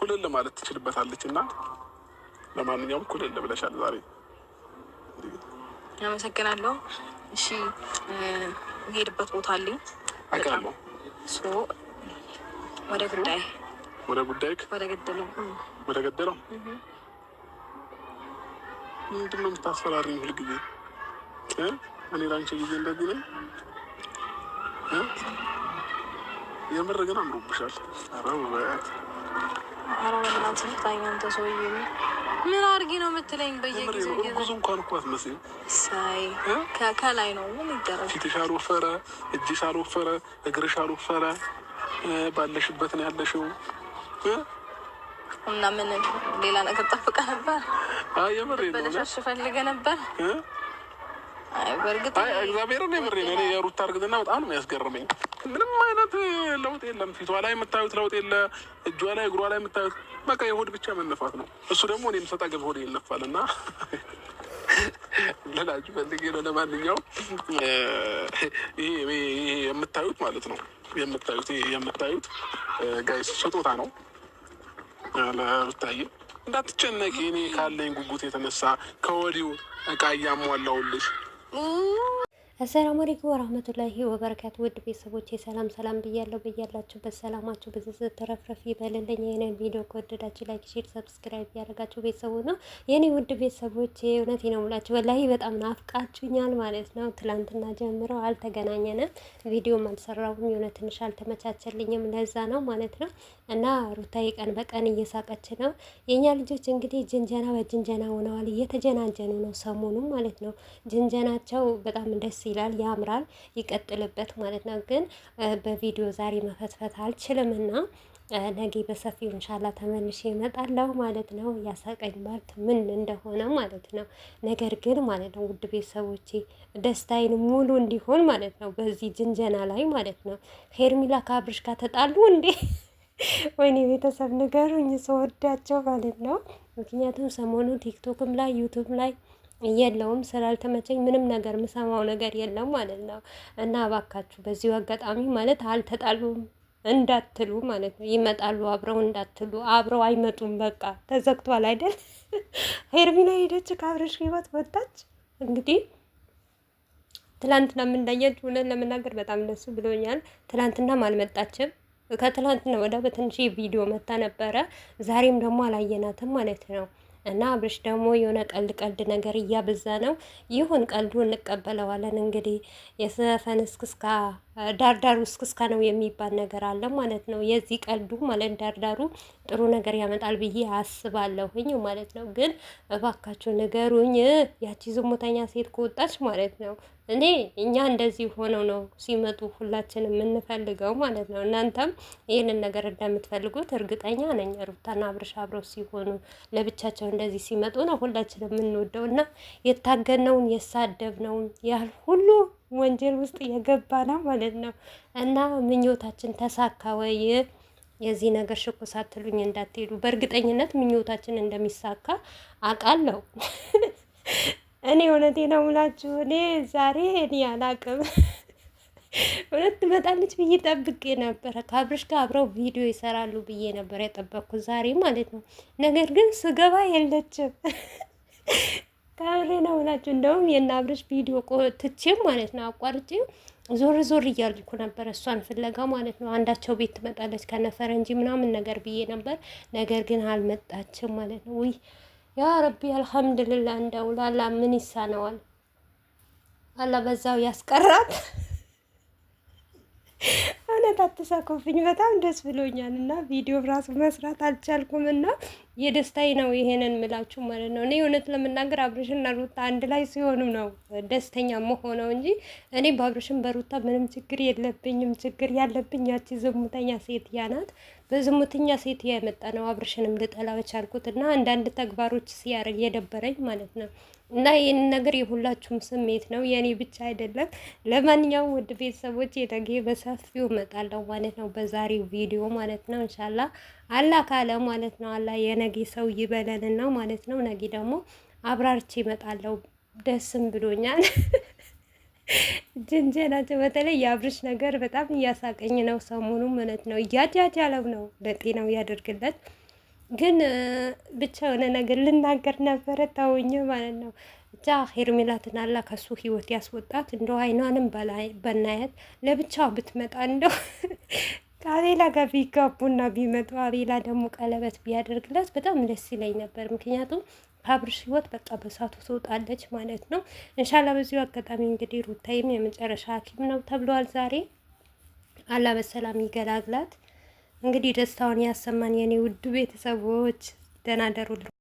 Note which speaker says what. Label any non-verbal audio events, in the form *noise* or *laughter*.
Speaker 1: ኩልል ማለት ትችልበታለች እና ለማንኛውም ኩልል ብለሻል ዛሬ
Speaker 2: አመሰግናለሁ። እሺ የሄድበት ቦታ አለኝ አውቃለሁ። ወደ ጉዳይ ወደ ጉዳይ ወደ ገደለው
Speaker 1: ወደ ገደለው ምንድን ነው የምታስፈራሪኝ? ሁልጊዜ እኔ ላንቺ ጊዜ እንደዚህ ነኝ። የምር ግን አምሮብሻል። ኧረ ውበት
Speaker 2: ኧረ በእናትህ አንተ ሰውዬ፣ ምን አድርጊ ነው የምትለኝ? በየጊዜው እርጉዝ
Speaker 1: እንኳን እኮ አትመስይም።
Speaker 2: ሳይ ከላይ ነው ምን ይደረግ።
Speaker 1: ፊትሽ አልወፈረ፣ እጅሽ አልወፈረ፣ እግርሽ አልወፈረ፣ ባለሽበት ነው ያለሽው።
Speaker 2: እና ምን ሌላ ነገር ጠብቀህ ነበር? የምሬን ነው። በለሻሽ ነበር በእርግጥ
Speaker 1: እግዚአብሔርን የምሬ ነው። የሩታ እርግዝና በጣም ነው ያስገርመኝ። ምንም አይነት ለውጥ የለም። ፊቷ ላይ የምታዩት ለውጥ የለ፣ እጇ ላይ እግሯ ላይ የምታዩት በቃ የሆድ ብቻ መነፋት ነው። እሱ ደግሞ እኔ የምሰጥ ገብ ሆድ ይነፋል እና *laughs* ልላችሁ ፈልጌ ነው። ለማንኛውም ይሄ የምታዩት ማለት ነው የምታዩት የምታዩት ጋይስ ስጦታ ነው ለሩታዬ እንዳትጨነቂ እኔ ካለኝ ጉጉት የተነሳ ከወዲሁ እቃ እያሟላውልሽ
Speaker 2: 呜。አሰላሙ አለይኩም ወራህመቱላሂ ወበረካቱ ውድ ቤተሰቦች ሰላም ሰላም ብያለሁ። በያላችሁበት ሰላማችሁ በዝዝት ተረፍረፍ ይበልልኝ። ይህንን ቪዲዮ ከወደዳችሁ ላይክ፣ ሼር፣ ሰብስክራይብ ያደረጋችሁ ቤተሰቡ ነው የኔ ውድ ቤተሰቦች። እውነት ነው የምላችሁ ወላሂ በጣም ናፍቃችሁኛል ማለት ነው። ትላንትና ጀምሮ አልተገናኘንም፣ ቪዲዮም አልሰራሁም፣ የሆነ ትንሽ አልተመቻቸልኝም። ለዛ ነው ማለት ነው። እና ሩታዬ ቀን በቀን እየሳቀች ነው። የእኛ ልጆች እንግዲህ ጅንጀና በጅንጀና ሆነዋል፣ እየተጀናጀኑ ነው ሰሞኑ ማለት ነው። ጅንጀናቸው በጣም ደስ ይላል፣ ያምራል፣ ይቀጥልበት ማለት ነው። ግን በቪዲዮ ዛሬ መፈትፈት አልችልምና ነገ በሰፊው እንሻላ ተመልሼ እመጣለሁ ማለት ነው። ያሳቀኝ ማለት ምን እንደሆነ ማለት ነው። ነገር ግን ማለት ነው ውድ ቤተሰቦቼ ደስታዬን ሙሉ እንዲሆን ማለት ነው በዚህ ጅንጀና ላይ ማለት ነው ሄርሚላ ከአብርሽ ጋር ተጣሉ እንዴ? *laughs* ወይኔ ቤተሰብ ንገሩኝ፣ ሰወዳቸው ማለት ነው። ምክንያቱም ሰሞኑ ቲክቶክም ላይ ዩቱብ ላይ የለውም ስላልተመቸኝ ምንም ነገር የምሰማው ነገር የለም ማለት ነው። እና እባካችሁ በዚሁ አጋጣሚ ማለት አልተጣሉም እንዳትሉ ማለት ነው። ይመጣሉ አብረው እንዳትሉ አብረው አይመጡም። በቃ ተዘግቷል አይደል? *laughs* ሄርሚና ሄደች፣ ከአብረሽ ህይወት ወጣች። እንግዲህ ትላንትና የምንዳያችሁ ሁነን ለመናገር በጣም ደስ ብሎኛል። ትላንትናም አልመጣችም ከትላንትና ወዳ በትንሽ ቪዲዮ መታ ነበረ። ዛሬም ደግሞ አላየናትም ማለት ነው። እና አብርሽ ደግሞ የሆነ ቀልድ ቀልድ ነገር እያበዛ ነው። ይሁን ቀልዱ እንቀበለዋለን። እንግዲህ የዘፈን እስክስካ ዳርዳሩ እስክስካ ነው የሚባል ነገር አለ ማለት ነው። የዚህ ቀልዱ ማለት ዳርዳሩ ጥሩ ነገር ያመጣል ብዬ አስባለሁኝ ማለት ነው። ግን እባካችሁ ንገሩኝ፣ ያቺ ዝሙተኛ ሴት ከወጣች ማለት ነው እኔ እኛ እንደዚህ ሆነው ነው ሲመጡ ሁላችን የምንፈልገው ማለት ነው። እናንተም ይህንን ነገር እንደምትፈልጉት እርግጠኛ ነኝ። ሩታና አብርሽ አብረው ሲሆኑ ለብቻቸው እንደዚህ ሲመጡ ነው ሁላችን የምንወደው እና የታገነውን የሳደብነውን ያህል ሁሉ ወንጀል ውስጥ የገባ ነው ማለት ነው። እና ምኞታችን ተሳካ ወይ የዚህ ነገር ሽኩሳትሉኝ ሳትሉኝ እንዳትሄዱ። በእርግጠኝነት ምኞታችን እንደሚሳካ አውቃለሁ። *laughs* እኔ እውነቴ ነው የምላችሁ። እኔ ዛሬ እኔ አላቅም *laughs* እውነት ትመጣለች ብዬ ጠብቄ ነበረ። ከአብርሽ ጋር አብረው ቪዲዮ ይሰራሉ ብዬ ነበረ የጠበቅኩ ዛሬ ማለት ነው። ነገር ግን ስገባ የለችም። ከምሬ ነው ብላችሁ እንደውም የእነ አብርሽ ቪዲዮ ትቼም ማለት ነው አቋርጬ ዞር ዞር እያልኩ ነበር እሷን ፍለጋ ማለት ነው። አንዳቸው ቤት ትመጣለች እንጂ ምናምን ነገር ብዬ ነበር። ነገር ግን አልመጣችም ማለት ነው። ውይ ያ ረቢ አልሐምድልላ እንደውላላ ምን ይሳነዋል አላ በዛው ያስቀራት። እንዳትሳኮብኝ በጣም ደስ ብሎኛል እና ቪዲዮ ራሱ መስራት አልቻልኩም እና የደስታዬ ነው ይሄንን ምላችሁ ማለት ነው። እኔ እውነት ለመናገር አብርሽና ሩታ አንድ ላይ ሲሆኑ ነው ደስተኛ መሆነው እንጂ እኔ በአብርሽን በሩታ ምንም ችግር የለብኝም። ችግር ያለብኝ ያቺ ዝሙተኛ ሴትያ ናት። በዝሙተኛ ሴትያ የመጣ ነው አብርሽንም ልጠላው የቻልኩት እና አንዳንድ ተግባሮች ሲያደርግ የደበረኝ ማለት ነው። እና ይህን ነገር የሁላችሁም ስሜት ነው የእኔ ብቻ አይደለም። ለማንኛውም ውድ ቤተሰቦች የነገ በሰፊው እመጣለሁ ማለት ነው በዛሬው ቪዲዮ ማለት ነው ኢንሻላህ አላህ ካለ ማለት ነው። አላህ የነጌ ሰው ይበለንና ማለት ነው። ነጌ ደግሞ አብራርቼ ይመጣለው። ደስም ብሎኛል። *laughs* ጅንጀ ናቸው። በተለይ የአብርሽ ነገር በጣም እያሳቀኝ ነው ሰሞኑ ማለት ነው። እያጃጃለው ነው። ለጤናው ያደርግለት። ግን ብቻ የሆነ ነገር ልናገር ነበረ ታወኘ ማለት ነው። ብቻ ሄርሜላትን አላህ ከሱ ህይወት ያስወጣት። እንደው አይኗንም በናያት ለብቻው ብትመጣ እንደው አቤላ ጋር ቢጋቡና ቢመጡ አቤላ ደግሞ ቀለበት ቢያደርግላት በጣም ደስ ይለኝ ነበር። ምክንያቱም ከአብርሽ ህይወት በቃ በሳቱ ትወጣለች ማለት ነው። እንሻላ በዚሁ አጋጣሚ እንግዲህ ሩታይም የመጨረሻ ሐኪም ነው ተብለዋል ዛሬ። አላ በሰላም ይገላግላት። እንግዲህ ደስታውን ያሰማን የኔ ውድ ቤተሰቦች ደህና